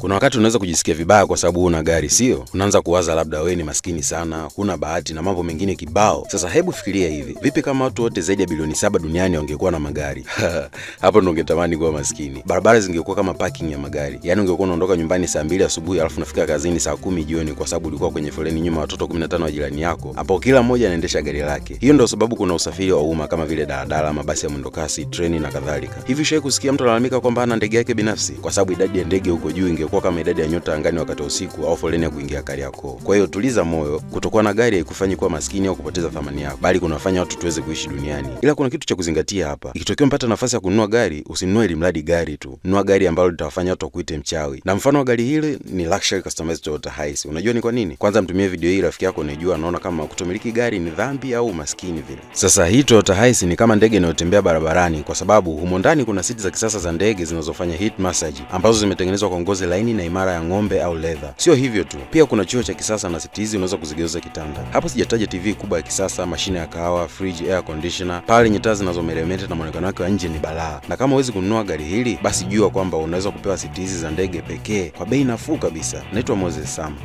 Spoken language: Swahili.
Kuna wakati unaweza kujisikia vibaya kwa sababu una gari, sio? Unaanza kuwaza labda wewe ni maskini sana, huna bahati na mambo mengine kibao. Sasa hebu fikiria hivi, vipi kama watu wote zaidi ya bilioni saba duniani wangekuwa na magari? Hapo ndo ungetamani kuwa maskini. Barabara zingekuwa kama parking ya magari, yaani ungekuwa unaondoka nyumbani saa mbili asubuhi alafu unafika kazini saa kumi jioni, kwa sababu ulikuwa kwenye foleni nyuma watoto 15 wa jirani yako, ambao kila mmoja anaendesha gari lake. Hiyo ndo sababu kuna usafiri wa umma kama vile daladala, mabasi ya mwendokasi, treni na kadhalika. Hivi shai kusikia mtu analalamika kwamba ana ndege yake binafsi? Kwa sababu idadi ya ndege huko juu ingekuwa kama idadi ya nyota angani wakati wa usiku au foleni ya kuingia Kariakoo. Kwa hiyo tuliza moyo, kutokuwa na gari haikufanyi kuwa maskini au kupoteza thamani yako, bali kunafanya watu tuweze kuishi duniani. Ila kuna kitu cha kuzingatia hapa, ikitokea mpata nafasi ya kununua gari, usinunue ili mradi gari tu, nunua gari ambalo litawafanya watu wakuite mchawi, na mfano wa gari hili ni luxury customized Toyota Hiace. Unajua ni kwa nini? Kwanza mtumie video hii rafiki yako unajua, anaona kama kutomiliki gari ni dhambi au maskini vile. Sasa hii Toyota Hiace ni kama ndege inayotembea barabarani, kwa sababu humo ndani kuna siti za kisasa za ndege zinazofanya heat massage ambazo zimetengenezwa kwa ngozi laini na imara ya ng'ombe au leather. Sio hivyo tu, pia kuna chuo cha kisasa na siti hizi unaweza kuzigeuza kitanda. Hapo sijataja TV kubwa ya kisasa, mashine ya kahawa, fridge, air conditioner, pale yenye taa zinazomeremeta na, na mwonekano wake wa nje ni balaa. Na kama huwezi kununua gari hili, basi jua kwamba unaweza kupewa siti hizi za ndege pekee kwa bei nafuu kabisa. Naitwa Moses Sam.